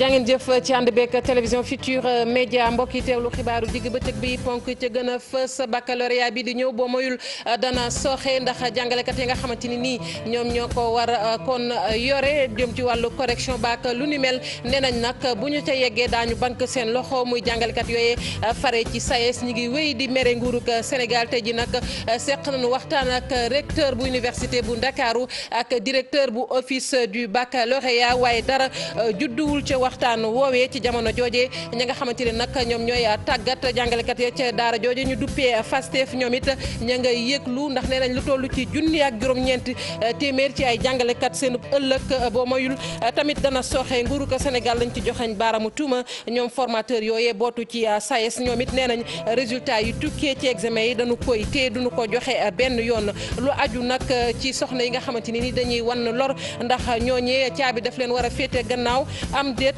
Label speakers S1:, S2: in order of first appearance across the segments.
S1: jàngeen jëf ci ànd beeg télévision Futurs Médias mbokk yi teewlu xibaaru digg bëccëg bi ponk ca gën a fës baccalauréat bi di ñëw boo moyul ndax jàngalekat yi nga xamante ni nii ñoom ñoo ko war kon yore jëm ci wàllu correction baak lu ni mel nee nañ nag bu ñu ca yeggee daañu bank seen loxo muy jàngalekat yooyee fare ci SAES ñi ngi wéy di mere nguurug Sénégal tey ji nag seq nañu waxtaan ak recteur bu université bu Ndakaaru ak directeur bu office du baccalauréat waaye dara judduwul ca waxtaan woowee ci jamono jooje ñi nga xamante ne nag ñoom ñooy tàggat jàngalekat ya ca daara jooje ñu duppee FASTEF ñoom it ña nga yëglu ndax nee nañ lu toll ci junni ak juróom-ñeent eh, téeméer ci ay jàngalekat seen ëllëg eh, boo mayul eh, tamit dana soxee nguuru ko Sénégal lañ ci joxeñ baaramu tuuma ñoom formateur yooyee bootu ci SAES e ñoom it nee nañ résultat yi tukkee ci examen yi dañu koy téye duñu ko joxe benn yoon lu aju nag ci soxna yi nga xamante ni dañuy wan lor ndax ñooñee caabi daf leen war a féete gannaaw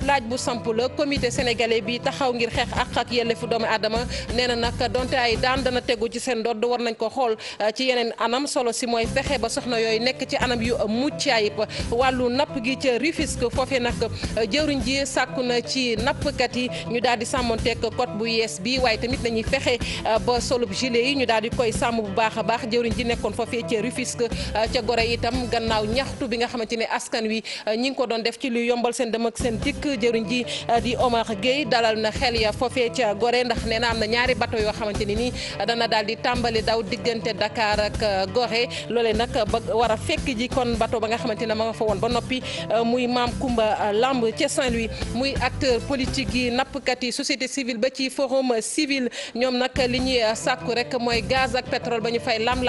S1: laaj bu samp la comité sénégalais bi taxaw ngir xeex ak ak yelleefu doomu aadama nee na nag donte ay daan dana tegu ci seen ndodd war nañ ko xool uh, ci yeneen anam solo si mooy fexe ba soxna yooyu nekk ci anam yu mucc ayib wàllu napp gi ca Rufisque foofee nag uh, jëwriñ ji sàkku na ci nappkat yi ñu daal di sàmmonteeg code bu yees bi waaye tamit nañuy fexe uh, ba solub gilet yi ñu daal di koy sàmm bu baax a baax jëwriñ ji nekkoon foofee ca Rufisque ca Gorée itam gannaaw ñaxtu bi nga xamante ne askan wi ñi ngi ko doon def ci lu yombal seen dem ak seen dikk jëruñ ji eh, di Omar Gueye dalal na xel ya foofee ca Gorée ndax nee am na ñaari bateau yoo xamante nii eh, dana daal di tàmbali daw diggante Dakar ak eh, Gorée loolee nag ba war fekk ji kon bateau ba nga xamante ne ma nga fa woon ba noppi muy maam Kumba Lamb ca Saint-Louis muy acteur politique yi nappkat yi société civile ba ci forum civil ñoom nag li ñuy sàkku rek mooy gaz ak pétrole ba ñu fay lam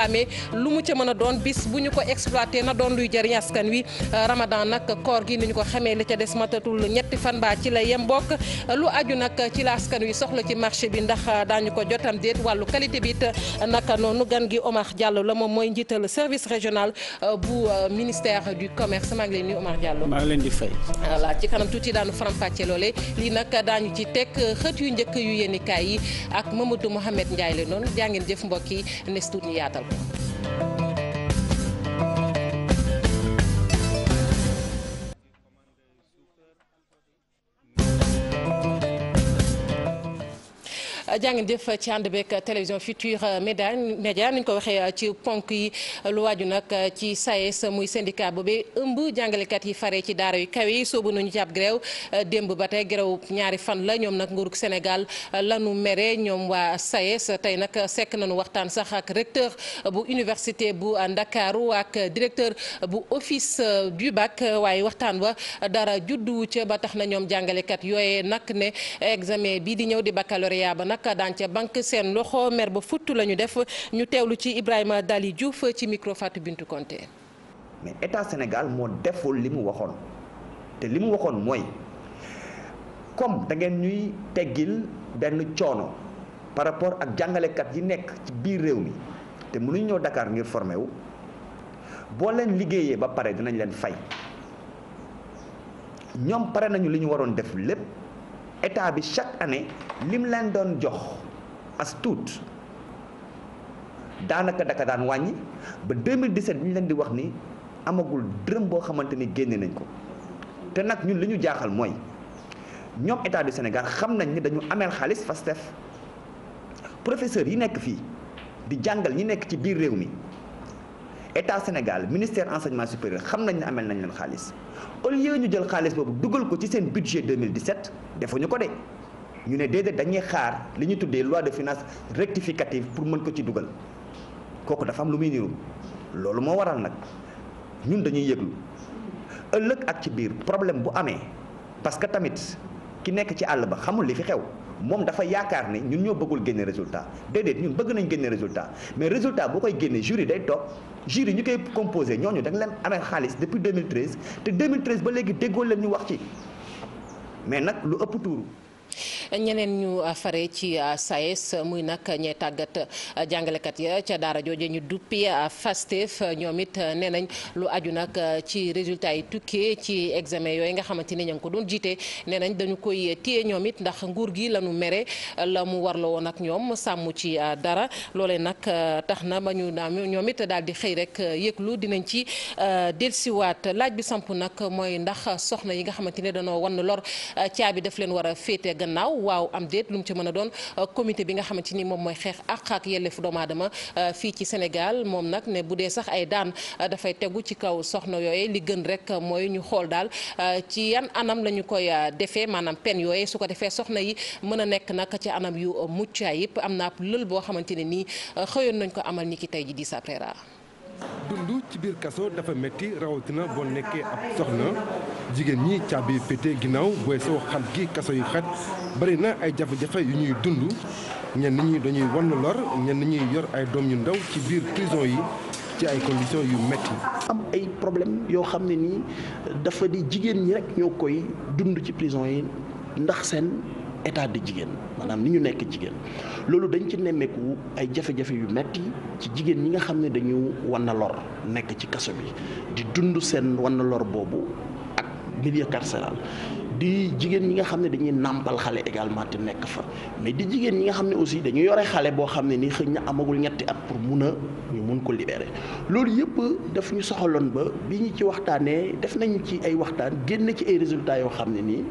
S1: lu mu ca mën doon bis bu ñu ko exploité na doon luy jëriñ askan ñetti fan ci la yem bokk lu aju nag ci la askan wi soxla ci marché bi ndax daañu ko jotam déet wàllu qualité bi it naka noonu gan gi Omar Diallo la moom mooy njiital service régional euh, bu euh, ministère du commerce maa ngi leen nuyu Omar Diallo. maa ngi leen di fay. voilà ci kanam tuuti daanu faram-fàcce loole lii nag daañu ci tekk xët yu njëkk yu yéenikaay yi ak Mamadou Mouhamed Ndiaye la noonu jaa ngeen jëf mbokk yi nes tuut ñu yaatal ko. jàngeen jëf ci ànd beeg télévision Future Média ni ñu ko waxee ci ponk yi lu waaju nag ci SAES e muy syndicat boobee ëmb jàngalekat yi fare ci daara yi kaw yi soobu nañu ci ab démb ba tey grève ñaari fan la ñoom nag nguurug Sénégal lanu mere ñoom waa SAES e tey nag sekk nañu waxtaan sax ak recteur bu université bu Ndakaaru ak directeur bu office du bac waaye waxtaan wa dara juddu ca ba tax na ñoom jàngalekat yooye nag ne examen bi di ñëw di baccalauréat ba nag nag daan seen loxo mer ba futt la ñu def ñu teewlu ci Ibrahima Dali Diouf ci micro Fatou Conté.
S2: mais état Sénégal moo deful li mu waxoon te li mu waxoon mooy comme da ngeen ñuy teggil benn coono par rapport ak jàngalekat yi nekk ci biir réew mi te mënuñ ñëw dakaar ngir formé wu boo leen liggéeyee ba pare dinañ leen fay ñoom pare nañu li ñu waroon def lépp. état bi chaque année lim leen doon jox as tuut daanaka daka daan wàññi ba 2017 bi ñu leen di wax ni amagul dërëm boo xamante ni génne nañ ko te nag ñun li ñu jaaxal mooy ñoom état du Sénégal xam nañ ni dañu ameel xaalis Pastef professeur yi nekk fii di jàngal ñi nekk ci biir réew mi état Sénégal ministère enseignement supérieur xam nañ ne ameel nañ leen xaalis au lieu ñu jël xaalis boobu dugal ko ci seen budget 2017 defuñu ko de ñu ne déedéet dañuy xaar li ñu tuddee loi de finances rectificative pour mën ko ci dugal kooku dafa am lu muy niru loolu moo waral nag ñun dañuy yëglu ëllëg ak ci biir problème bu amee parce que tamit ki nekk ci àll ba xamul li fi xew. moom dafa yaakaar ni ñun ñoo bëggul génne résultat déedéet ñun bëgg nañ génne résultat mais résultat boo koy génne jury day toog jury ñu koy composé ñooñu da nga leen amee xaalis depuis 2013 te 2013 ba léegi déggoo leen ñu wax ci mais nag lu ëpp tuuru.
S1: ñeneen ñu fare ci SAES euh, e muy nag ñee tàggat euh, jàngalekat ya ca daara jooje ñu duppi FASTEF euh, ñoom it nee nañ lu aju nag ci résultat yi tukkee ci examen yooyu nga xamante ni ña ngi ko doon jiite nee nañ dañu koy téye ñoom it ndax nguur gi lañu mere la mu warloo woon ak ñoom sàmm ci dara loolee nag tax na ba ñu naam ñoom it daal di xëy rek yëglu dinañ ci delsiwaat laaj bi samp nag mooy ndax soxna yi nga xamante ne danoo wan lor caabi daf leen war a féete gannaaw waaw am déet lu mu ci mën a doon euh, comité bi nga xamante ni moom mooy xeex àq ak yelleefu doomu aadama euh, fii ci Sénégal moom nag ne bu dee sax ay daan euh, dafay tegu ci kaw soxna yooyu li gën rek mooy ñu xool daal ci yan anam lañu koy defee maanaam pen yooyu su ko defee soxna yi mën a nekk nag ci anam yu mucc ayib am naa lël boo xamante ne nii xëyoon nañ ko amal ni ki tey ji di après
S3: dund ci biir kaso dafa métti rawatina boo nekkee ab soxna jigéen ñi caabi pété ginnaaw booy soo xat gi kaso yu xat bari na ay jafe-jafe yu ñuy dund
S4: ñenn ñi dañuy wann lor ñenn ñi yor ay doom yu ndaw ci biir prison yi ci ay conditions yu métti. am ay problème yoo xam ne nii dafa di jigéen ñi rek ñoo koy dund ci prison yi ndax seen. état di jigéen maanaam ni ñu nekk jigéen loolu dañ ci nemmeeku ay jafe-jafe yu metti ci jigéen ñi nga xam ne dañu wan na lor nekk ci kaso bi di dund seen wan na boobu ak milieu carcéral di jigéen ñi nga xam ne dañuy nàmpal xale également te nekk fa mais di jigéen ñi nga xam ne aussi dañu yore xale boo xam ne ni xëy na amagul ñetti at pour mun a ñu mun ko libérer loolu yëpp daf ñu soxaloon ba bi ñu ci waxtaanee def nañ ci ay waxtaan génn ci ay résultats yoo xam ne nii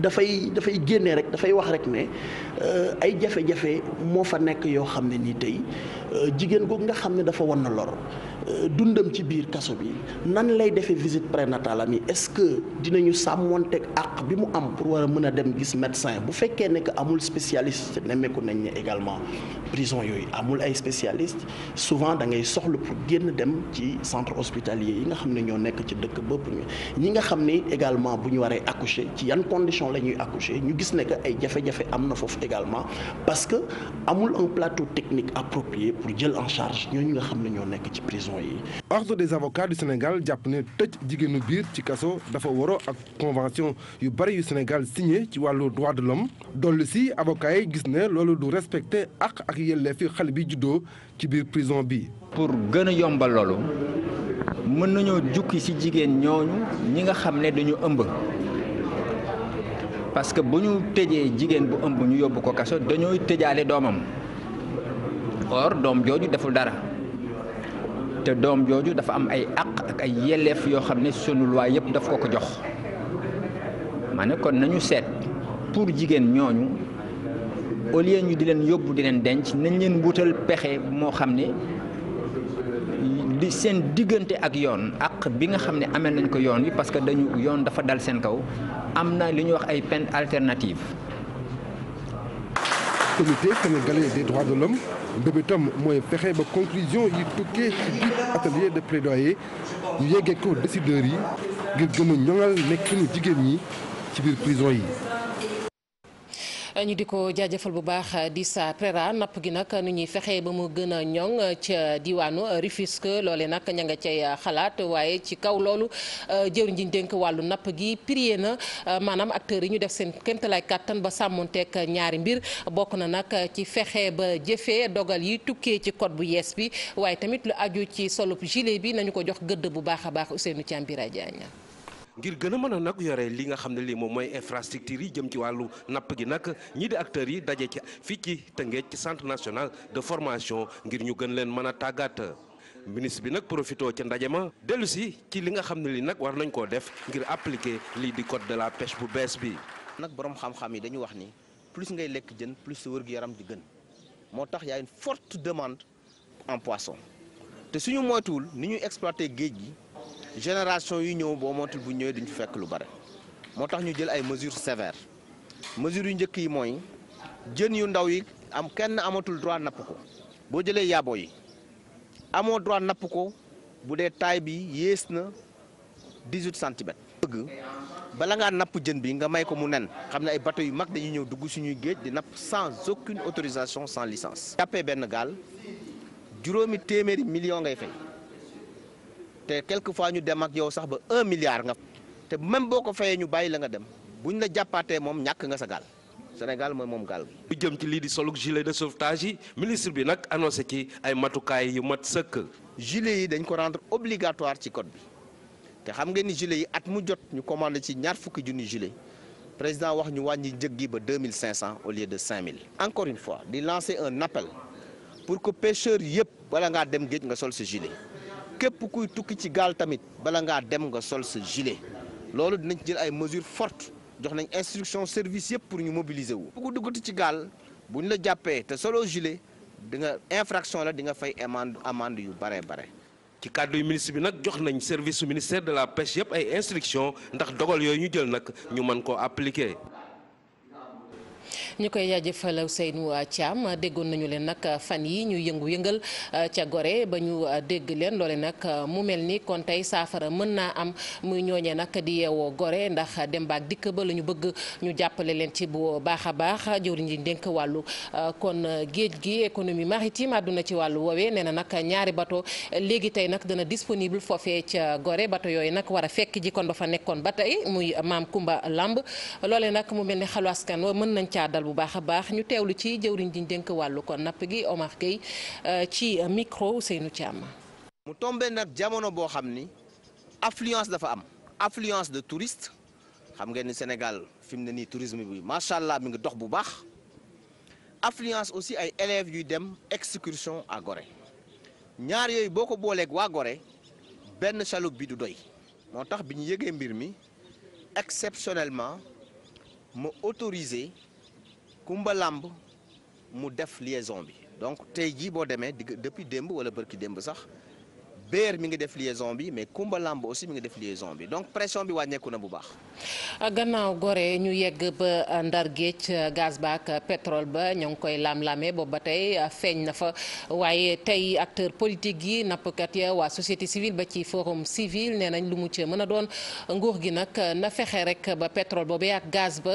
S4: dafay dafay génne rek dafay wax rek ne Euh, ay jafe-jafe moo fa nekk yoo xam ne nii tey euh, jigéen googu nga xam ne dafa wan na lor euh, dundam ci biir kaso bi nan lay defee visite prénatale am yi est-ce que dinañu sàmmoonteeg àq bi mu am pour war a mën a dem gis médecin bu fekkee ne que amul spécialiste nemmeeku nañ ne également prison yooyu amul ay spécialiste souvent da ngay soxla pour génn dem ci centre hospitalier yi nga xam ne ñoo nekk ci dëkk bëpp ñi nga xam ne également bu ñu waree accoucher ci yan condition la ñuy accoucher ñu gis ne ay jafe am na foofu également parce que amul un plateau technique approprié pour jël en charge ñooñu nga xam ne ñoo nekk ci prison yi. ordre des avocats du Sénégal jàpp ne tëj jigéenu biir ci kaso dafa waroo
S3: ak convention yu bari yu Sénégal signé ci wàllu droit de l'homme dolli si avocats yi gis ne loolu du respecté ak ak yelleef fi xale bi juddoo ci biir prison bi. pour
S5: gën a yombal loolu mën nañoo jukki ci jigéen ñooñu ñi nga xam ne dañu ëmb. parce que bu ñu tëjee jigéen bu ëmb ñu yóbbu ko kaso dañooy tëjaale doomam or doom jooju deful dara
S6: te doom jooju dafa am ay àq ak ay yelleef yoo xam ne sunu loi yëpp daf ko ko jox ma kon nañu seet pour jigéen ñooñu au lieu ñu di leen yóbbu di leen denc nañ leen wutal pexe moo xam ne di seen diggante ak yoon ak bi nga xam ne amel nañ ko yoon wi parce que dañu yoon dafa dal seen kaw am na li ñuy wax ay peine alternative
S3: comité sénégalais des droits de l'homme mbébétam mooy fexe ba conclusion yi tukkee ci biir atelier de plaidoyer ñu yeggee ko décideurs yi ngir gën a ñoŋal nekkinu jigéen ñi ci biir prison yi
S1: ñu di ko jaajëfal bu baax di sa PRERA napp gi nag ni ñuy fexe ba mu gën a ñoŋ ca diwaanu Rufisque loole nag ña nga cay xalaat waaye ci kaw loolu euh, jëwriñ ji ñu dénk wàllu napp gi prier na euh, maanaam acteurs yi ñu def seen kéemtalaay kàttan ba sàmmonteeg ñaari mbir bokk na nag ci fexe ba jëfee dogal yi tukkee ci code bu yees bi waaye tamit lu aju ci solub gilet bi nañu ko jox gëdd bu baax a baax Ousseynou Thiam Bira Diagne
S5: ngir gën a mën a nag yore li nga xam ne lii moom mooy infrastructure yi jëm ci wàllu napp gi nag ñii di acteurs yi daje ci fii ci Tëngéej ci centre national de formation ngir ñu gën leen mën a tàggat ministre bi nag profité ca ndaje ma dellusi ci li nga xam ne lii nag war nañ koo def ngir appliquer lii di code de la pêche bu bees bi. nag boroom xam-xam yi dañu wax ni plus ngay lekk jën plus sa wér-gu-yaram di gën moo tax y a demande en poisson te suñu moytuwul ni géej gi. génération yu ñëw boo mootul bu ñëwee duñ fekk lu bare moo tax ñu jël ay mesures sévères mesures yu njëkk yi mooy jën yu ndaw yi am kenn amatul droit nap ko boo jëlee yaabo yi amoo droit napp ko bu dee taay bi yées na 18 centimètres bëgg bala ngaa napp jën bi nga may ko mu nen xam ne ay bateau yu mag dañuy ñëw dugg suñuy géej di napp sans aucune autorisation sans licence jàppee benn gaal juróomi téeméeri million ngay fay te fois ñu dem ak yow sax ba un milliard nga te même boo ko fayee ñu bàyyi la nga dem bu buñ la jàppaatee moom ñàkk nga sa gaal Sénégal moom gaal bi jëm ci lii di solug gilet de sauvetage yi ministre bi nag annoncé ci ay matukaay yu mat sëkk. gilet yi dañ ko rendre obligatoire ci code bi te xam ngeen ni gilet yi at mu jot ñu commandé ci ñaar fukki junni gilet président wax ñu wàññi njëg gi ba deux mille cinq cent au lieu de cinq mille. encore une fois di lancer un appel pour que yëpp bala ngaa dem géej nga sol sa gilet. képp kuy tukki ci gaal tamit bala ngaa dem nga sol sa gilet loolu dinañ jël ay mesures fortes jox nañ instruction service yëpp pour ñu mobiliser wu. bu duggati ci gaal bu ñu la jàppee te solo gilet di nga infraction la di nga fay amende amende yu bare bare. ci kàddu yu ministre bi nag jox nañ service ministère de la pêche yëpp ay instruction ndax dogal yooyu ñu jël nag ñu mën koo appliquer.
S1: ñu koy jaajëfal Ousseynou Thiam déggoon nañu leen nag fan yi ñu yëngu-yëngal euh, ca gore ba ñu euh, dégg leen loole nag euh, mu mel ni kon tey saafara mën naa am muy ñooñee nag di yeewoo gore ndax dem baak dikk ba la ñu bëgg ñu jàppale leen ci bu baax a baax jëwriñ ji dénk wàllu kon géej gi économie maritime àdduna ci wàllu woowee nee na nag ñaari bato léegi tey nag dana disponible foofee ca gore bato yooyu nag war a fekk ji kon dafa nekkoon ba tey muy maam Kumba Lamb loole nag mu mel ni xalu mën nañ caa dalal bu baax a baax ñu teew lu ci jëwriñ ñu dénk wàllu kon napp gi Omar Gueye euh, ci micro Seynou Thiam.
S5: mu tombé nag jamono boo xam ni affluence dafa am affluence de touriste xam ngeen ni Sénégal fi mu ne nii tourisme bi macha allah mi nga dox bu baax affluence aussi ay élèves yuy dem excursion à ñaar yooyu boo ko booleeg waa Gorée benn chaloupe bi du doy moo tax bi ñu yëgee mbir mi exceptionnellement ma autorisé kumba làmb mu def lieson bi donc tey jii boo demee digg depuis démb wala bërki démb sax béer mi ngi def liaison bi mais Kumba Lamb aussi mi ngi def liaison bi donc pression bi wàññeeku na bu baax.
S1: Ah, gannaaw Gorée ñu yegg ba Ndar Géej gaz ba ak pétrole ba ñoo ngi koy lam-lamee booba ba tey feeñ na fa waaye tey acteurs politique yi nappkat ya waa société civile ba ci forum civil nee nañ lu mu ci mën a doon nguur gi nag na fexe rek ba pétrole boobee ak gaz ba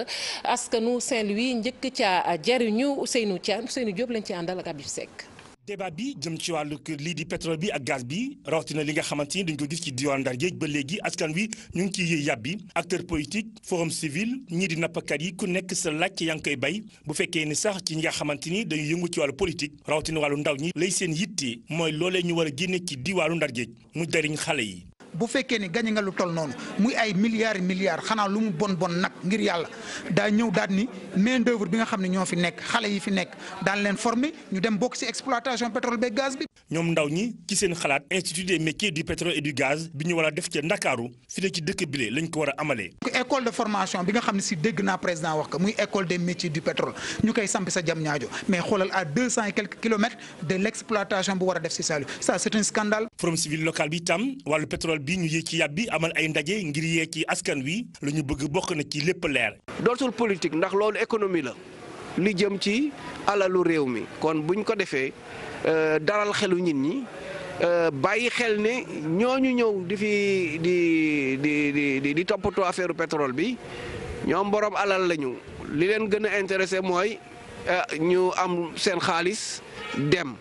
S1: askanu Saint-Louis njëkk ca jariñu Ousseynou Thiam Ousseynou Diop lañ ci àndal ak Abib Seck.
S7: débat bi jëm ci wàllu kër lii di pétrole bi ak gaz bi rawatina li nga xamante ni dañ ko gis ci diwaan Ndar géej ba léegi askan wi ñu ngi ciy yëy yàbbi acteur politique forum civil ñii di nappkat yi ku nekk sa laaj yaa ngi koy bay bu fekkee ni sax ci nga xamante ni dañu yëngu ci wàllu politique rawatina wàllu ndaw ñi lay seen yitte mooy loolee ñu war a génne ci diwaanu Ndar mu jariñ xale yi bu fekkee ni gañe nga lu toll noonu muy
S5: ay milliards milliards xanaa lu mu bon bon nag ngir yàlla daa ñëw daal ni main d'œuvre bi nga xam ne ñoo fi nekk xale yi
S7: fi nekk daan leen forme ñu dem bokk ci exploitation pétrole beeg gaz bi. ñoom ndaw ñi ci seen xalaat institut ñu war a def ca Ndakaaru fi ne ci dëkk bile lañ ko war a amalee.
S5: école de formation bi nga xam ne si dégg naa président wax ko muy école des métiers du pétrole ñu koy samp sa jam
S7: ñaajo mais xoolal à deux cent et l' exploitation bu war a def si Saliou ça dogal bi ñu yéeg ci yàb bi amal ay ndaje ngir yee ci askan wi
S4: lu ñu bëgg bokk na ci lépp leer. dootul politique ndax loolu économie la li jëm ci alalu réew mi kon buñ ko defee euh, daral xelu nit ñi. Euh, bàyyi xel ne ñooñu ñëw di fi di di di di toppatoo affaire pétrole bi ñoo borom alal lañu li leen gën a intéressé mooy euh, ñu am seen xaalis dem.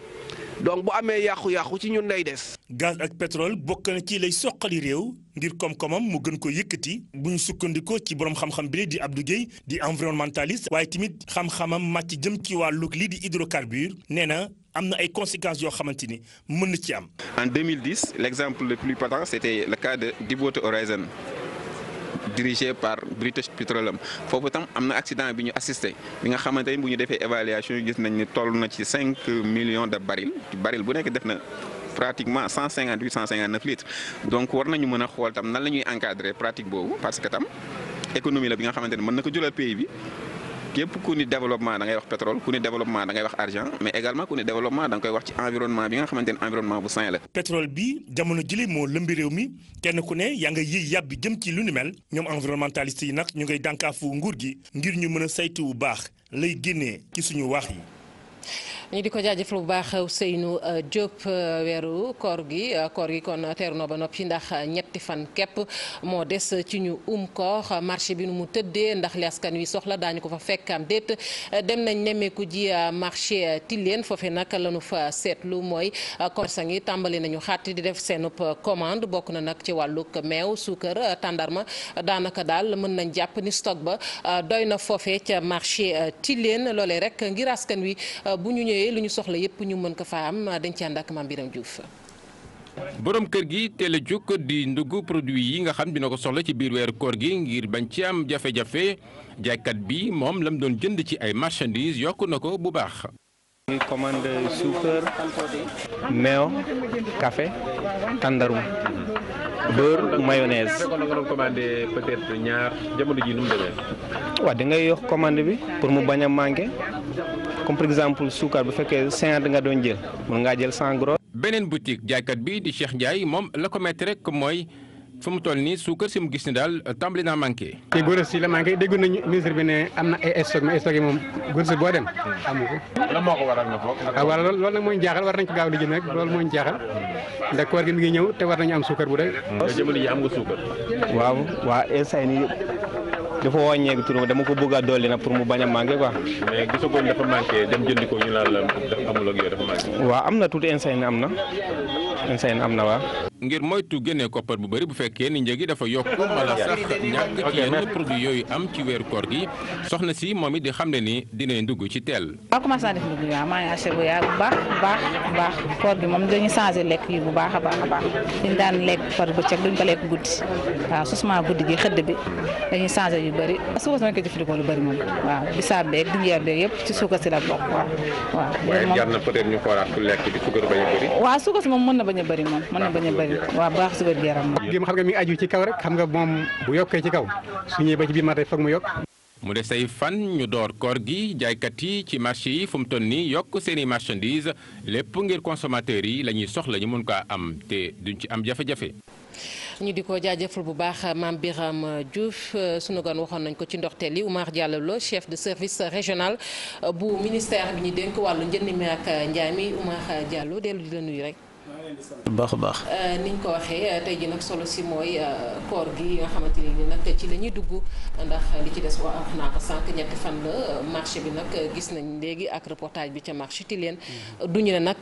S4: donc bu amee yàqu-yàqu ci ñun lay des.
S7: gaz ak pétrole bokk na ci lay soqali réew ngir koom-koomam mu gën ko yëkkati bu ñu sukkandikoo ci borom xam-xam bi di Abdou Guèye di environnementaliste waaye tamit xam-xamam ci jëm ci wàllu lii di hydrocarbure nee na am na ay conséquences yoo xamante ni mën na ci am. en
S8: 2010 l'exemple le plus patent c'était le cas de Deepwater Horizon. dirigé par British Petroleum foofu tam am na accident bi ñu assisté bi nga xamante ni bu ñu defee évaluation gis nañ ni na ci cinq de barils baril bu nekk def na. pratiquement cent cinquante huit cent cinquante neuf litres donc war nañu mën a xool tam nan la ñuy encadrer pratique boobu parce que tam économie la bi nga xamante ne mën na ko jural pays bi. képp ku ni développement da wax pétrole ku ni développement da ngay wax argent mais également ku ni développement da nga koy wax ci environnement bi nga xamante ne environnement bu sain
S7: pétrole bi jamono jëlee moo lëmbi mi kenn ku ne yaa nga yëy yàb jëm ci lu ni mel ñoom environnementaliste yi nag ñu ngay dànkaafu nguur gi ngir ñu mën a saytu bu baax lay génnee ci suñu wax yi.
S1: ñu di ko jaajëfal bu baax Ousseynou euh, Diop euh, weeru koor gi euh, koor gi kon teeru na ba noppi ndax ñetti fan kepp moo des ci ñu um koor marché bi nu mu tëddee ndax li askan wi soxla daañu ko fa fekk am déet dem nañ nemmeeku ji marché Tilène foofe nag lañu fa seetlu mooy commerçant tàmbali nañu xàtti di def seenub commande bokk na nag ci wàllug meew suukar tàndarma daanaka daal mën nañ jàpp ni stock ba doy na foofe ca marché Tilène loolee rek ngir askan wi bu ñu ñëwee lu ñu soxla yépp ñu mën ko am dañ ci ak Mame Birame Diouf.
S8: kër gi teel a jóg di ndugg produit yi nga xam dina ko soxla ci biir weeru koor gi ngir bañ ci am jafe-jafe jaaykat bi moom lam doon jënd ci ay marchandises yokk na ko bu baax. ñu commande suukar meew kafe tandarum beurre mayonnaise. fekkoon nga doon commandé ñaar jamono ji nu mu demee. waaw bi pour mu bañ a manqué comme par exemple suukar bu fekkee cinquante nga doon jël mën ngaa jël cent gros. beneen boutique jaaykat bi di Cheikh Ndiaye moom la ko mettre rek mooy. fa mu toll nii suukar si mu gis ni daal euh, tàmbali naa manqué. te góor si la manqué dégg nañu ministre bi ne am na ay stock mais stock boo dem. amu ko. lan moo ko waral nga foog. ah waaw loolu nag mooy jaaxal war nañ gaaw di jënd rek loolu mooy jaaxal ndax koor gi ñëw te war nañu am suukar bu doy. nga jamono ji am nga suukar. waaw waa instant yii dafa wàññeeku turam dama a dolli nag pour mu bañ a manqué quoi. mais gisagoo ñu naan la amul ak yooyu dafa manqué. waaw am na tuuti instant am na insane am na waa. ngir moytu génne koppar bu bari bu fekkee ni njëgi dafa yokk wala sax ñàkk ci yooyu am ci weeru koor gi soxna si moom it di xam ne ni dinañ dugg ci teel.
S1: waaw commencé naa def bu yaa bu baax baax baax koor gi moom dañu changé lekk yi bu baax a baax a baax dañu daan lekk par bëccëg duñ ko lekk guddi waaw susuma guddi gi xëdd bi dañuy changé yu bëri suukar si ma ko jëfandikoo lu bëri moom waaw bisaab yëpp ci suukar si la lekk mën na bañ bañ a bëri
S8: moom mën na a bëri baax si wér moom. bu yokkee ci kaw su ñëwee ba ci biir matin foog mu yokk. mu des ay fan ñu door koor gi jaaykat yi ci marché yi fu mu ni nii yokk seen i marchandises lépp ngir consommateurs yi la ñuy soxla ñu mun kaa am te duñ ci am jafe-jafe.
S1: ñu di ko jaajëfal bu baax maam Biram Diouf sunu gan waxoon nañ ko ci ndoxteel li Oumar Diallo Lo chef de service régional bu ministère bi ñu dénk wàllu njënd mi ak njaay mi Oumar Diallo dellu baax a baax. Euh, ni ñu ko waxee euh, tey ji nag solo si mooy euh, koor bi nga xamante ni nag ci la dugg ndax li ci des wax naa ko sànq ñetti fan la marché bi nag gis nañ léegi ak reportage bi ca marché mm-hmm. du duñu ne nag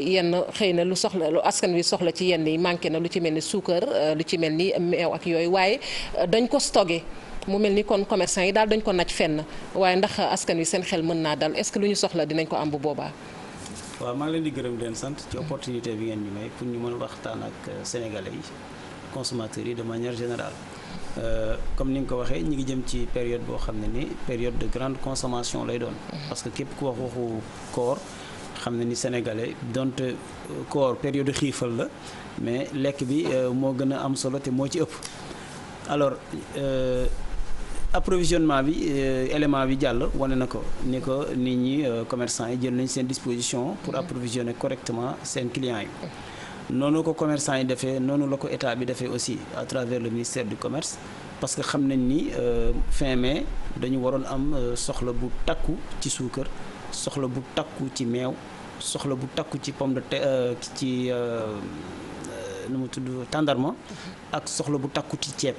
S1: yenn xëy na lu soxla lu askan wi soxla ci yenn yi manqué na lu ci mel ni suukar lu ci mel ni meew ak yooyu waaye dañ ko stocké. mu mel ni kon commerçant yi daal dañ ko naj fenn waaye ndax askan wi seen xel mën naa dal est-ce que lu ñu soxla dinañ ko am bu boobaa.
S6: waaw maa leen di gërëm leen sant ci opportunité bi ngeen ñu may pour ñu mën a waxtaan ak euh, sénégalais yi consommateurs yi de manière générale euh, comme ni nga ko waxee ñi ngi jëm ci période boo xam ne ni période de grande consommation lay doon parce que képp ku wax waxu koor xam ne ni sénégalais dont euh, koor période xiifal la mais lekk bi moo gën a am solo te moo ci ëpp alors approvisionnement bi euh, élément bi jàll wane na ko ni ko nit ñi euh, commerçant yi jël nañ seen disposition pour mhm. approvisionner correctement seen clients yi noonu ko commerçant yi defee noonu la ko état bi defee aussi à travers le ministère du commerce parce que xam nañ ni euh, fin mais dañu waroon am soxla bu takku ci suukar soxla bu takku ci meew soxla bu takku ci pomme de terre ci nu mu tudd tàndarma mhm. ak soxla bu takku ci ceeb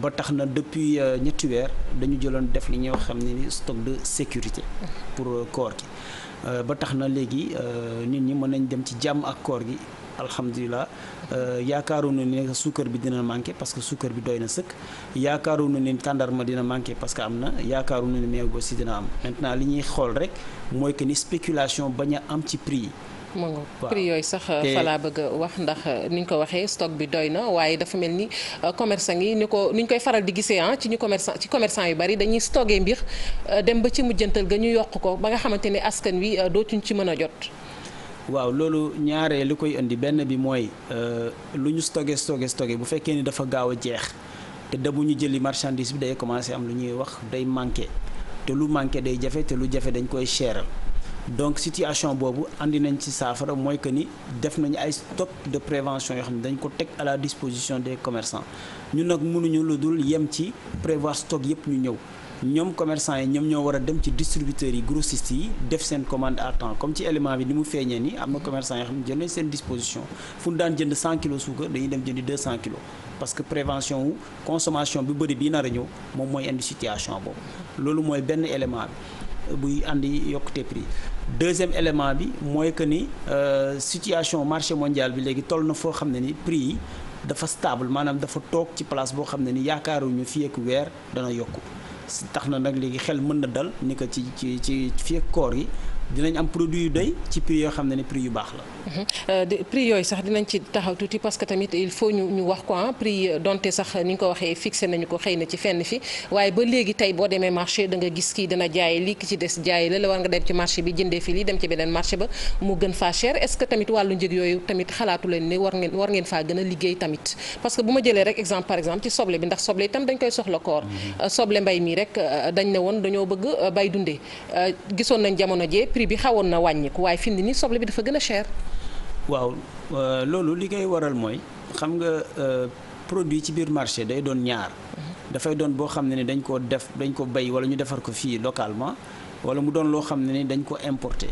S6: ba tax na depuis euh, ñetti weer dañu jëloon def li ñuy xam ne ni stock de sécurité pour euh, koor gi euh, ba tax na léegi nit ñi mën nañ dem ci jàmm ak koor gi alhamdulilah yaakaaroon na ne suukar bi dina manqué parce que suukar bi doy na sëkk yaakaaroon na ne tàndarma dina manqué parce que am na yaakaaroon na ne meew aussi dina am maintenant li ñuy xool rek mooy que ni spéculation bañ a am ci prix yi
S1: mu ngoog yooyu sax fa laa bëgg a wax ndax eh, ni ñu ko waxee stock bi doy na waaye dafa mel ni eh, commerçant yi ni ko ni ñu koy faral di gisee ah ci ñu commerçant ci commerçant yu bari dañuy stocké mbir eh, dem ba ci mujjantal ga ñu yokk ko ba nga xamante ne askan wi dootuñ ci mën a jot.
S6: waaw loolu ñaaree li koy indi benn bi mooy lu ñu stocké stocké stocké bu fekkee ni dafa gaaw a jeex te da bu ñu jëli marchandise bi day commencé am lu ñuy wax day manqué te lu manqué day jafe te lu jafe dañ koy seeral. donc situation boobu andi nañ ci saafara mooy que ni def nañu ay stock de prévention yoo xam ne dañ ko teg à la disposition des commerçants ñu nag mënuñu lu dul yem ci prévoir stock yëpp ñu ñëw ñoom commercant yi ñoom ñoo war a dem ci distributeurs yi grossistes yi def seen commande à temps comme ci élément bi ni mu feeñee ni am na commerçant yoo xam ne jël seen disposition fu ñu daan jënd 100 kilos suukar dañuy dem jëndi 200 kilos parce que prévention wu consommation bi bëri bii nar a ñëw moom mooy indi situation boobu loolu mooy benn élément bi buy andi yokkute prix deuxième élément bi mooy que ni euh, situation marché mondial bi léegi toll na foo xam ne ni prix yi dafa stable maanaam dafa toog ci place boo xam ne ni yaakaaruñu fii ak weer dana yokku tax na nag léegi xel mën na dal ni ko ci ci ci fii ak koor yi dinañ am produit yu doy ci prix yoo xam ne ne prix yu baax la.
S1: Mhm. Euh, prix yooyu sax dinañ ci taxaw tuuti parce que tamit il faut ñu wax ko ah prix euh, donte sax ni nga ko waxee fixé nañu ko xëy na ci fenn fi waaye ba léegi tey boo demee marché da nga gis kii dina jaay lii ki ci des jaay la la war nga dem ci marché bi jëndee fi lii dem ci beneen marché ba mu gën faa cher est-ce que tamit wàllu njëg yooyu tamit xalaatu leen ne war ngeen war faa gën a liggéey tamit parce que bu mhm. euh, dañ ne woon dañoo bëgg bay dundee gisoon nañ jamono jee bi xawoon na wàññiku waaye fi mu nii soble bi dafa gën a cher.
S6: waaw euh, loolu li koy waral mooy xam nga euh, produit ci biir marché day doon ñaar. dafay doon boo xam ne ni dañ koo def dañ ko béy wala ñu defar ko fii localement wala mu doon loo xam ne ni dañ ko importer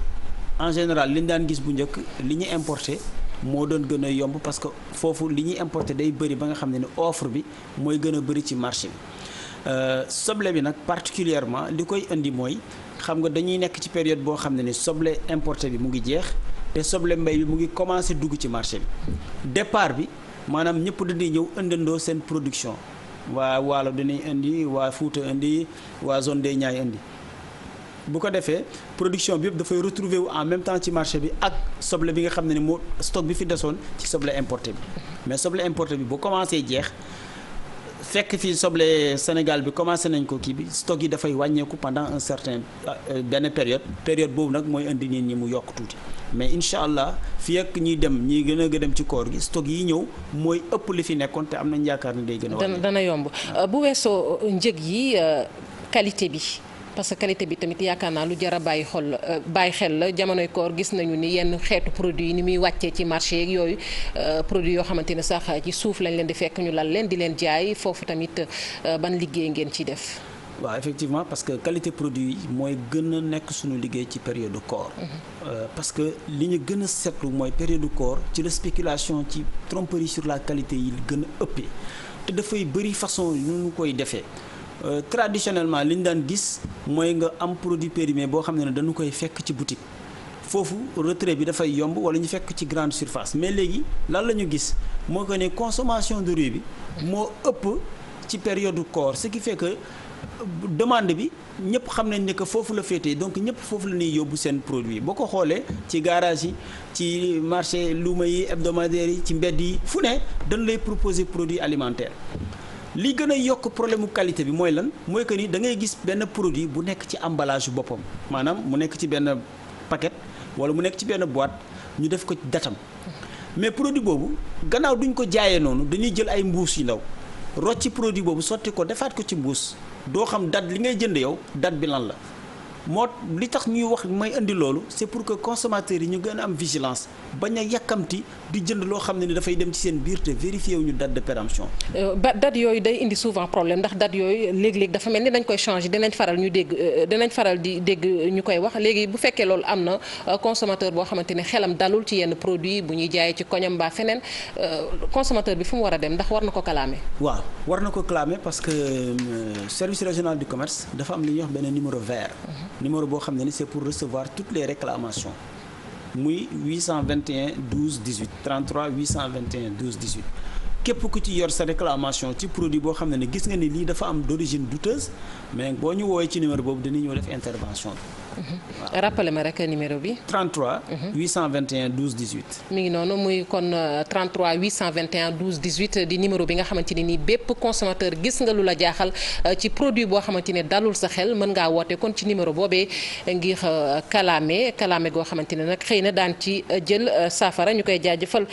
S6: en général li ñu daan gis bu njëkk li ñu importer moo doon gën a yomb parce que foofu li ñuy importer day bëri ba nga xam ne ni offre bi mooy gën a bëri ci marché bi euh, soble bi nag particulièrement li koy indi mooy xam nga dañuy nekk ci période boo xam ne ni soble importé bi mu ngi jeex te soble mbay bi mu ngi commencé dugg ci marché bi départ bi maanaam ñëpp dañuy ñëw indandoo seen production waa waalo dañuy indi waa Fuuta indi waa zone des Niayes indi bu ko defee production bi yëpp dafay retrouver wu en même temps ci marché bi ak soble bi nga xam ne ni moo stock bi fi desoon ci soble importé bi mais soble importé bi bu commencé jeex fekk fii soble Sénégal bi commencé nañ ko kii bi stock yi dafay wàññeeku pendant un certain euh, benn période période boobu nag mooy indi nit ñi mu yokk tuuti mais incha allah fi ak ñiy dem ñiy gën a gën a ci koor gi stock yi ñëw mooy ëpp li fi nekkoon te am nañ yaakaar ni day gën a. dana dana
S1: yomb bu weesoo njëg yi euh, qualité bi. parce que qualité bi tamit yaakaar naa lu jar bàyyi xol euh, bàyyi xel la jamonoy koor gis nañu ni yenn xeetu produit yi ni muy wàccee ci marché yeeg yooyu euh, produit yoo xamante ne sax ci suuf lañ leen di fekk ñu lal leen di leen jaay foofu tamit euh, ban liggéey ngeen ciy def.
S6: waaw effectivement parce que qualité produit yi mooy gën a nekk suñu liggéey ci période koor mhm. parce que li ñu gën a seetlu mooy période koor ci la spéculation ci tromperie sur la qualité yi gën a ëppee dafay bëri façon yu koy defee. Euh, traditionnellement li ñu daan gis mooy nga am produit périmé boo xam ne dañu koy fekk ci boutique foofu retrait bi dafay yomb wala ñu fekk ci grande surface mais léegi lan la ñu gis moo ko ne consommation de rue bi moo ëpp ci période koor ce qui fait que euh, demande bi ñëpp xam nañ ne que foofu la féetee donc ñëpp foofu la ñuy yóbbu seen produit boo ko xoolee ci garage yi ci marché luuma yi hebdomadaire yi ci mbedd yi fu ne dañ lay proposer produit alimentaire li gën a yokk problème qualité bi mooy lan mooy que ni da ngay gis benn produit bu nekk ci emballage boppam maanaam mu nekk ci benn paquet wala mu nekk ci benn boîte ñu def ko datam mais produit boobu gannaaw duñ ko jaayee noonu dañuy jël ay mbuus yu ndaw rocci produit boobu sotti ko defaat ko ci mbuus doo xam date li ngay jënd yow date bi lan la. moo li tax ñuy wax may indi loolu c'est pour que consommateurs yi ñu gën am vigilance bañ a yàkkamti di jënd loo xam ne ni dafay dem ci seen biir te vérifié wu ñu date de
S1: euh, yooyu day indi souvent problème ndax date yooyu léeg dafa mel ni dañ koy changer dinañ faral ñu dégg euh, dinañ faral di dégg ñu koy wax léegi bu fekkee loolu am na euh, consommateur boo xamante ni xelam dalul ci yenn produit bu ñuy jaayee ci koñam baa feneen consommateur bi fu mu war a dem ndax war na ko kalaame.
S6: waaw war na ko kalaame parce que service régional du commerce dafa am li ñuy wax numéro vert. Mhm. numéro boo xam ne ni c'est pour recevoir toutes les réclamations muy 821 12 18 33 821 12 18 képp ku ci yor sa réclamation ci produit boo xam ne ni gis nga ni lii dafa am d'origine douteuse mais boo ñu woowee ci numéro boobu dinañ ñëw def intervention bi
S1: rappelé ma rek numéro bi.
S6: 33. 821 12 18.
S1: mi ngi noonu muy kon 33 821 12 18 di numéro bi nga xamante ne nii bépp consommateur gis nga lu la jaaxal euh, ci produit boo xamante ne dalul sa xel mën ngaa woote kon ci numéro boobee ngir euh, kalaame kalaame goo xamante ne nag xëy na daan ci euh, jël saafara ñu koy jaajëfal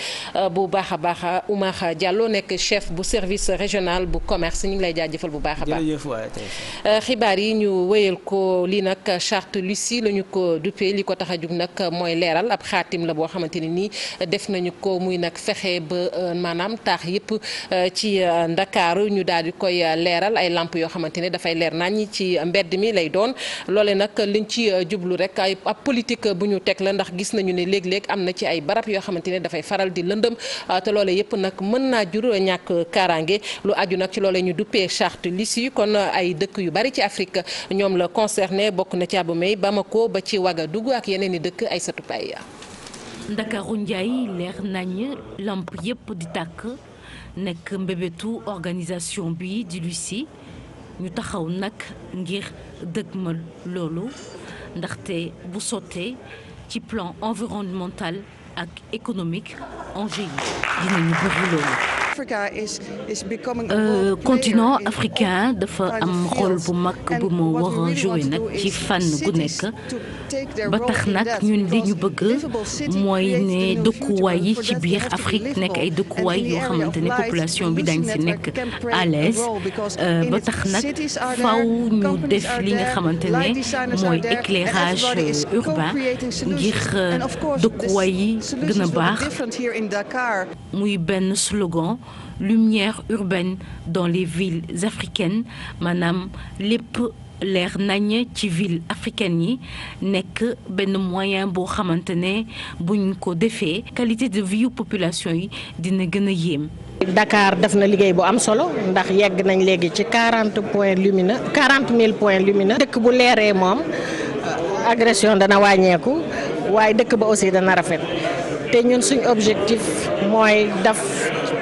S1: bu baax a baax a Oumar Diallo nekk chef bu service régional bu commerce ñu ngi lay jaajëfal bu baax a
S9: baax.
S1: xibaar yi ñu wéyal ko lii nag charte. Lucie la ñu ko duppee li ko tax a jug nag mooy leeral ab xaatim la boo xamante ne nii def nañu ko muy nag fexe ba euh, maanaam taax yëpp euh, ci euh, ndakaaru ñu daal di koy leeral ay lamp yoo xamante ne dafay leer nañ ci mbedd mi lay doon loole nag liñ ci jublu rek ay ab politique bu ñu teg la ndax gis nañu ne léeg-léeg am na ci ay barab yoo xamante ne dafay faral di lëndëm te loole yëpp nag mën naa jur ñàkk kaaraange lu aju nag ci loole ñu duppee charte Lucie kon Bamako ba ci dugg ak yeneen i dëkk ay satupay ya
S9: Ndakaaru Ndiaye leer nañ lamp yëpp di tàkk nekk mbebetu organisation bi di Lucie ñu taxaw nag ngir dëgmal loolu ndaxte bu sottee ci plan environnemental ak économique enjeu yi dinañu bëri loolu
S2: Euh, continent africain dafa am xol bu mag bu mu war a joué nag ci fànn gu nekk ba tax
S9: nag ñun li ñu bëgg mooy ne dëkkuwaay yi ci biir Afrique nekk ay dëkkuwaay yoo xamante ne population bi dañ si nekk à l'aise ba tax nag faw ñu def li nga xamante ne mooy éclairage urbain ngir dëkkuwaay yi gën
S1: a muy
S9: benn slogan lumière urbaine dans les villes africaines maanaam lépp leer nañ ci ville africaine yi nekk benn moyen boo xamante ne buñ ko defee qualité de vie population yi dina
S1: gën a yéem. Dakar def na liggéey bu am solo ndax yegg nañ léegi ci quarante points lumineux quarante mille points lumineux. dëkk bu leeree moom euh, agression dana wàññeeku waaye dëkk ba aussi dana rafet. te ñun suñ objectif mooy daf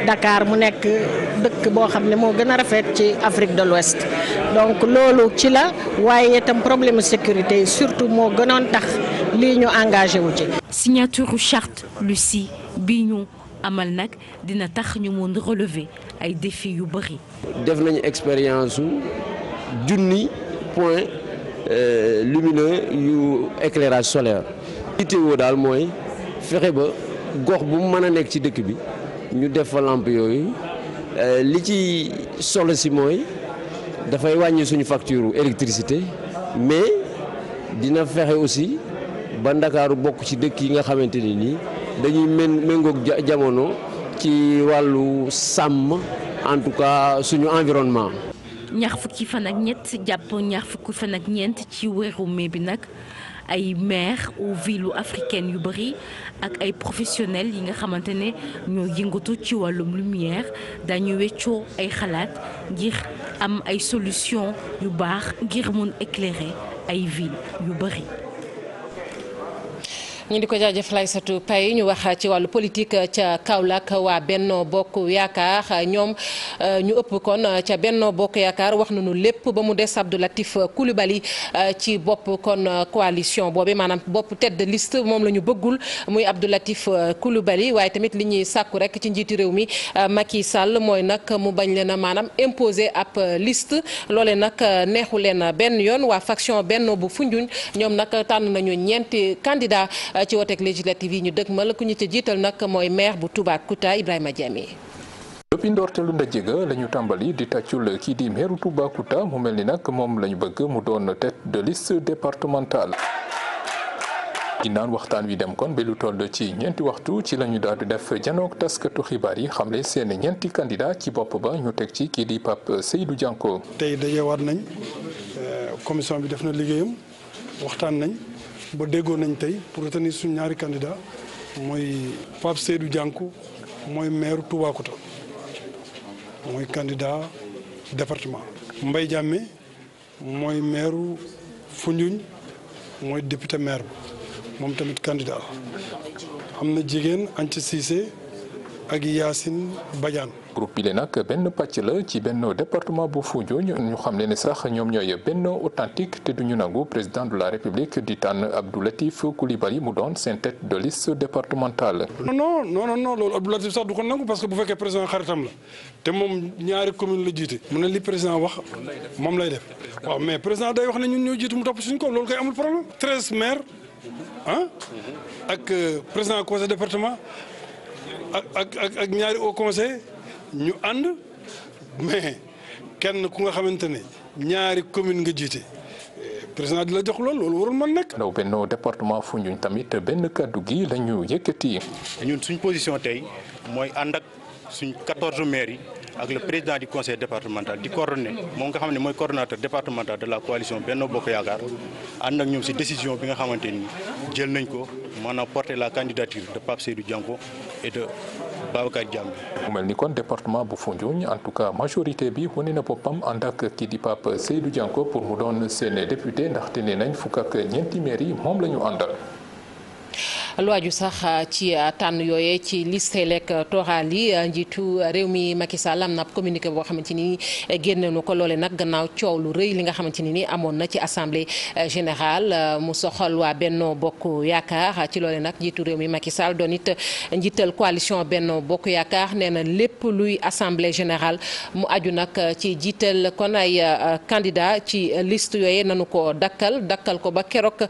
S1: Dakar mu nekk dëkk boo xam ne moo gën a rafet ci Afrique de l'Ouest donc loolu ci la waaye itam problème sécurité yi surtout moo gënoon tax lii ñu engagé wu ci.
S9: signature charte Lucie bi ñu amal nag dina tax ñu mun relever ay défis yu bëri.
S6: def nañu expérience su
S5: junni point euh, lumineux yu éclairage solaire. itteewoo daal mooy. fexe ba gox bu mu mën a nekk ci dëkk bi
S6: ñu def fa lamp yooyu euh, li ci solo si mooy dafay wàññi suñu facture électricité mais dina fexe aussi ba ndakaaru bokk ci dëkk yi nga xamante ni nii dañuy mén méngoog jamono ci
S4: wàllu sàmm en tout cas suñu environnement.
S9: ñaar fukki fan ak ñett jàpp ñaar fukki fan ak ñeent ci weexu mai bi nag. ay maire ou villes africaines yu bëri ak ay professionnels yi nga xamante ne ñoo yëngatu ci wàllu lumière dañu weccoo ay xalaat ngir am ay solution yu baax ngir mun éclairer ay ville yu bëri
S1: ñu di ko jaajëfal Aïssatou Paye ñu wax ci wàllu politique ca Kaolack waa benn Bokk Yaakaar ñoom euh, ñu ëpp kon ca benn Bokk Yaakaar wax nañu lépp ba mu des Abdou Latif Coulibaly euh, ci bopp kon euh, coalition boobu maanaam bopp tedd de liste moom la ñu bëggul muy Abdou Latif Coulibaly waaye tamit li ñuy sàkku rek ci njiitu réew mi Macky Sall mooy nag mu bañ leen a maanaam imposer ab list loole nag neexu leen benn yoon waa faction benn bu Foundiougne ñoom nag tànn nañu ñeenti candidat ci woteek législative yi ñu dëgmal ku ñu ca jiital nag mooy maire bu Toubacouta Ibrahima Diémé.
S10: depuis ndoorteelu ndaje ga la ñu tàmbali di tàccul kii di meeru Toubacouta mu mel ni nag moom la ñu bëgg mu doon tête de liste di naan waxtaan wi dem kon ba lu toll ci ñeenti waxtu ci la ñu daal di def janook taskatu xibaar yi xamle seen ñeenti candidat ci bopp ba ñu teg ci kii di Pape Seydou Dianko.
S3: tey dajewaat nañ euh, commission bi def na liggéeyam waxtaan ba déggoo nañ tey pour retenir suñ ñaari candidat mooy Pape Seydou Diankou mooy maire Toubacouta mooy candidat département. Mbaye Diamé mooy maire Foundiougne mooy député maire moom tamit candidat am na jigéen Anta Cissé. ak Yacine
S10: Badiane. groupe bi nag benn pàcc la ci benn département bu Foundiougne ñu xam leen ne sax ñoom ñooy benn authentique te duñu nangu président de la république di tànn Abdou Latif Coulibaly mu doon seen tête de liste départementale.
S3: no non non loolu Abdou Latif sax du ko nangu parce que bu fekkee président xaritam la te moom ñaari commune la jiite. mu ne li président wax moom lay def waaw mais président day wax ne ñun ñoo jiitu mu topp suñ ko loolu kay amul euh, président conseil département. ak ak ak ñaari au conseil ñu ànd mais kenn ku nga xamante ne ñaari commune nga jiite président di la jox lool loolu warul man nekk.
S10: ndaw benn département Foundiougne tamit benn kàddu gi la ñu yëkkati. ñun suñ position tey mooy ànd ak suñ 14 maires yi. ak le président di conseil départemental di coordonné moom nga xam ne mooy
S4: coordonnateur départemental de la coalition Benno Bokk Yaakaar ànd ak ñoom si décision bi nga xamante ni jël nañ ko maanaam porter la candidature de Pape Seydou Dianko et de Babacar Diambi.
S10: mel ni kon département bu Foundiougne en tout cas majorité bi wane na popam ànd ak kii di pap Pape Seydou jànko pour mu doon seen député ndaxte ne nañ fukk ñeenti maire yi moom la ñu àndal.
S1: lu aju sax ah, ci ah, tànn yooyee ci liste électorale ah, yi njiitu réew mi Macky Sall am na ab communiqué boo xamante ni eh, génne nu ko loole nag gannaaw coow lu rëy li nga xamante nii amoon na ci assemblée eh, générale mu soxal waa Benno Bokk Yaakaar ci loole nag njiitu réew mi Macky Sall doon it eh, njiital coalition benn Bokk Yaakaar nee na lépp luy assemblée général mu aju nag ci jiital kon ay candidat ci liste yooyee nanu ko dakkal dakkal ko ba keroog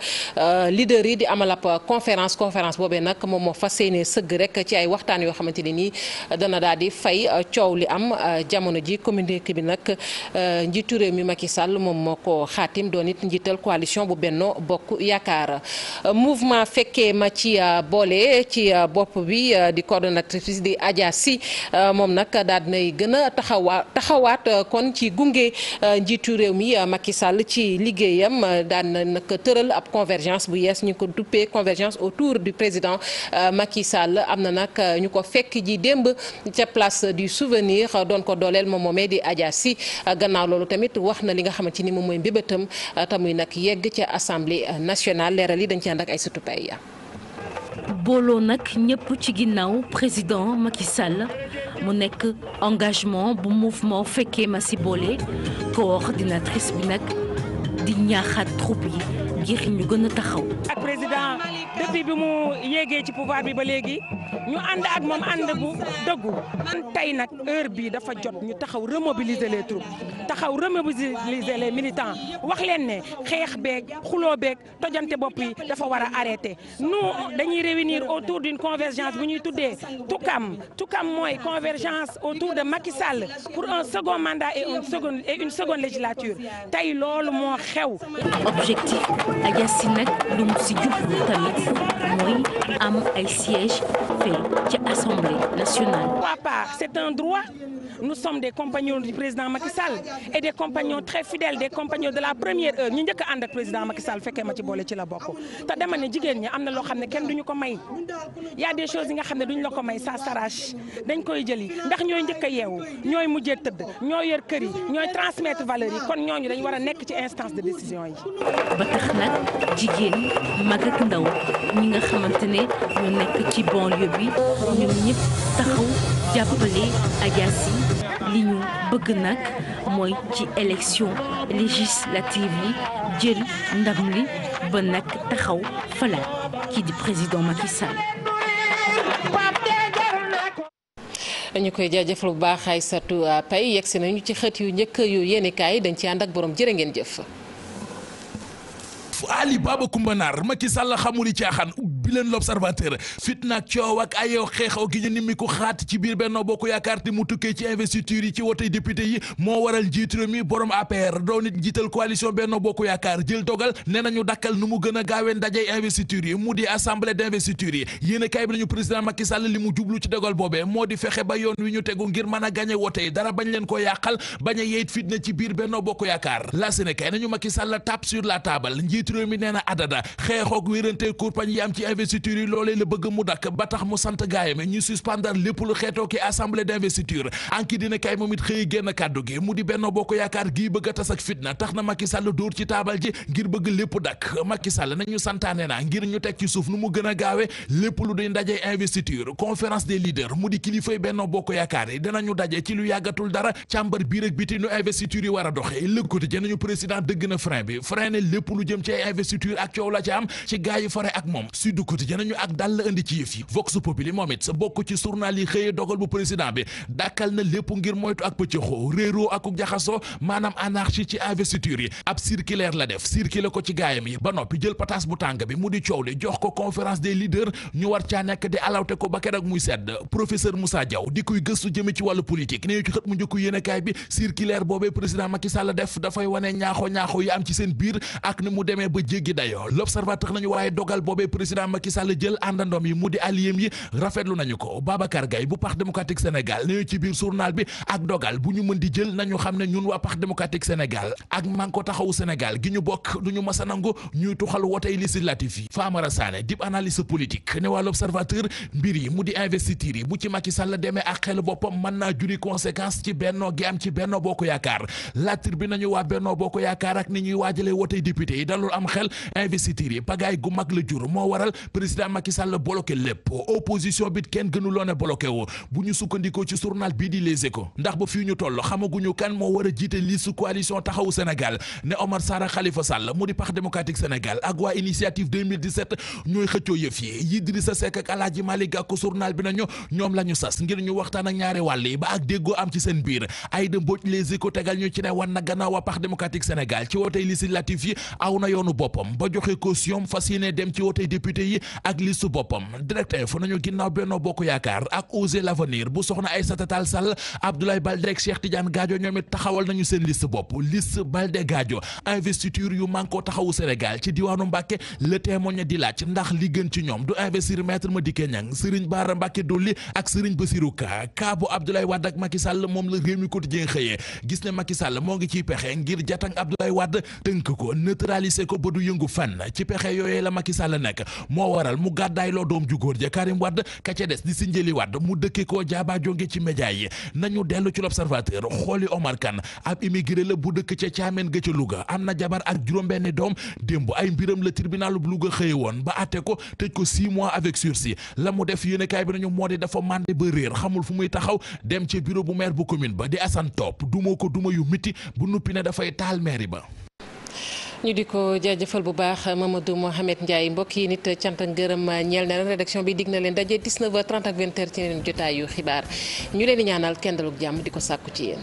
S1: leader yi di amal ab conférence boobee nag moom moo fas yéene sëgg rek ci ay waxtaan yoo xamante ne nii dana daal di fay euh, coow li am euh, jamono ji communiqué bi nag euh, njiitu réew mi Macky sàll moom moo ko xaatim doon it njiital coalition bu Benno Bokk Yaakaar mouvement fekkee ma ci boole ci bopp bi di coordonnatrice di Adja Si moom nag daal dinay gën a taxawaa taxawaat kon ci gunge njiitu réew mi Macky Sall ci liggéeyam daan nag tëral ab convergence bu yees ñu ko duppee convergence autour du président euh, Macky Sall am na nag euh, ñu ko fekk ji démb ca place du souvenir euh, doon ko dooleel moom moomee di Adja Sy gannaaw loolu tamit wax na li nga xamante ni moom mooy mbébétam tamuy nag yegg ca assemblée nationale leeral yi dañ ci ànd ak ay sutupay
S9: booloo nag ñëpp ci ginnaaw président Macky Sall mu nekk engagement bu mouvement fekkee ma si boole coordinatrice bi nag di ñaaxaat troupe yi ngir ñu gën taxaw.
S1: depuis bi mu yéegee ci pouvoir bi ba léegi ñu ànd ak moom ànd bu dëggu man tey nag heure bii dafa jot ñu taxaw remobiliser les troupes taxaw remobiliser les militants wax leen ne xeex beeg xuloo beeg tojante bopp yi dafa war a arrêter nous dañuy réunir autour d'une convergence bu ñuy tuddee tukam tukam mooy convergence autour de Macky Sall pour un second mandat et une seconde et une seconde législature tey loolu moo xew objectif Agassiz nag
S9: lu mu si jublu tamit
S1: mooy am ay siège fee ci assemblée nationale. Pourquoi pas c'est un droit nous sommes des compagnons du président Macky Sall et des compagnons très fidèles des compagnons de la première heure ñu njëkk a ak président Macky Sall fekkee ma ci boole ci la bokk te dama ne jigéen ñi am na loo xam ne kenn duñu ko may y a des choses yi nga xam ne duñu la ko may sa sarage dañ koy jël jëli ndax ñooy njëkk a yeewu ñooy mujjee tëdd ñooy yor kër yi ñooy transmettre valeur yi kon ñooñu dañ war a nekk ci instance de décision yi. ba
S9: tax nag jigéen mag ak ñi nga xamante ne nekk ci banlieue bi ñoom ñëpp taxaw jàppale Adja li ñu bëgg nag mooy ci élection législative yi jël ndam li ba nag taxaw falaat kii di président Macky Sall.
S1: ñu koy jaajëfal bu baax Aïssatou Paye yegg si nañu ci xët yu njëkk yu yéenekaay dañ ci ànd ak borom jërë ngeen jëf.
S11: jëf Ali Baba Coumba Naar Macky Sall xamuli caaxaan ubbi leen l'observateur fitna ak coow ak ayew xeexoo gi ñu nimmi xaat ci biir Benno Bokk Yaakaar te mu tukkee ci investiture yi ci wotey député yi moo waral njiit réew mi borom APR doo nit njiital coalition Benno Bokk Yaakaar jël dogal ne nañu dakkal nu mu gën a gaawee investiture yi mu di assemblée d'investiture yi yéen a kaay bi nañu président Macky Sall li mu jublu ci dogal boobee moo di fexe ba yoon wi ñu tegu ngir mën a gañe wote yi dara bañ leen ko yàqal bañ a biir Benno Bokk Yaakaar la Sénégal nañu Macky la table njiit réew mi nee na adada xeexoog wérante kurpañ yi d'investiture yi loolee la bëgg mu dakk ba tax mu sant gaayame ñu suspendar lépp lu xeetoo ki assemblée d'investiture anki dina kay moom it xëy génn kàddu gi mu di Benno Bokk Yaakaar gii bëgg a tas ak fitna tax na Macky Sall dóor ci taabal ji ngir bëgg lépp dakk Macky Sall ñu santaane naa ngir ñu teg ci suuf nu mu gën a gaawe lépp lu di ndaje investiture conférence des leaders mu di kilifay Benno Bokk Yaakaar yi ñu daje ci lu yàggatul dara càmbar biir ak biti nu investiture yi war a doxe Le Quotidien nañu président dëgg na frein bi frein ne lépp lu jëm ci investiture ak coow la ci am ci gaay yi ak moom quotidien nañu ak dal la indi ci yëf yi vox populi moom it bokk ci journal yi xëye dogal bu président bi dàkkal na lépp ngir moytu ak pëccëxoo réeroo ak jaxasoo maanaam anarchie ci investiture yi ab circulaire la def circuler ko ci gaayam yi ba noppi jël pataas bu tàng bi mu di coow li jox ko conférence des leaders ñu war caa nekk di alawte ko ba keroog muy sedd professeur Moussa Diaw di kuy gëstu jëme ci wàllu politique ne ci xët mu njëkku yéenekaay ba jéggi Macky Sall jël àndandoom yi mu di alliéem yi rafetlu nañu ko Babacar Gaye bu Parti démocratique Sénégal ne ci biir journal bi ak dogal bu ñu mën di jël nañu xam ne ñun waa Parti démocratique Sénégal ak Manko Taxawu Sénégal gi ñu bokk du ñu mas a nangu ñuy tuxal wotey législatif yi Famara Sané dib analyste politique ne waa L'Observateur mbir yi mu di investiture yi bu ci Macky Sall demee ak xel boppam mën naa juri conséquence ci bennoo gi am ci bennoo boo ko yaakaar laajtir bi nañu waa bennoo boo ko yaakaar ak ni ñuy waajalee wotey député yi dalul am xel investiture yi pagaay gu mag la jur moo waral président Macky Sall bloqué lépp opposition bi kenn gënuloon a bloqué wu bu ñu sukkandikoo ci journal bii di a jiite liste coalition taxawu la ñu sas ngir ñu waxtaan ak ñaari wàll yi ba législatif yi aw na yoonu boppam ba joxe caution fas yéene dem ci wootey député yi ak listu boppam direct info nañu ginnaaw Benno Bokk Yaakaar ak Osez l'Avenir bu soxna Aïssata Tall Sall Abdoulaye Baldé ak Cheikh Tidiane Gadio ñoom it taxawal nañu seen liste bopp liste Baldé Gadio investiture yu Manko Taxawu Sénégal ci diwaanu Mbàkke Le Témoin di laaj ndax li gën ci ñoom du investir maître Madické Niang Serigne Bara Mbacké Dolly ak Serigne Bassirou Ka kaabu Abdoulaye Wade ak Macky Sall moom la Rewmi Quotidien xëyee gis ne Macky Sall moo ngi ciy pexe ngir jatang Abdoulaye Wade tënk ko neutraliser ko ba du yëngu fenn ci pexe yooyee la Macky Sall nekk moo waral mu gàddaay loo doom jugóor góor ja Karim Wade ka ca des di Sindiély Wade mu dëkke koo jaaba jonge ci média yi nañu dellu ci l'observateur xooli Omar Kane ab immigré la bu dëkk ca Thiamène ga ca Louga am na jabar ak juróom-benn doom démb ay mbiram la tribunal bu Louga xëye woon ba atte ko tëj ko six mois avec sursis la mu def yéenekaay bi nañu moo di dafa mandé ba réer xamul fu muy taxaw dem ca bureau bu meer bu commune ba di Assane duma ko duma yu miti bu nuppi ne dafay taal mairie ba
S1: ñu di ko jaajëfal bu baax Mamadou Mohamed Ndiaye mbokk yi nit cant ak ngërëm ñeel na leen rédaction bi dig na leen daje 19h30 ak 20h ci leen jotaayu xibaar ñu leen di ñaanal kenn daluk jàmm di ko sàkku ci yéen.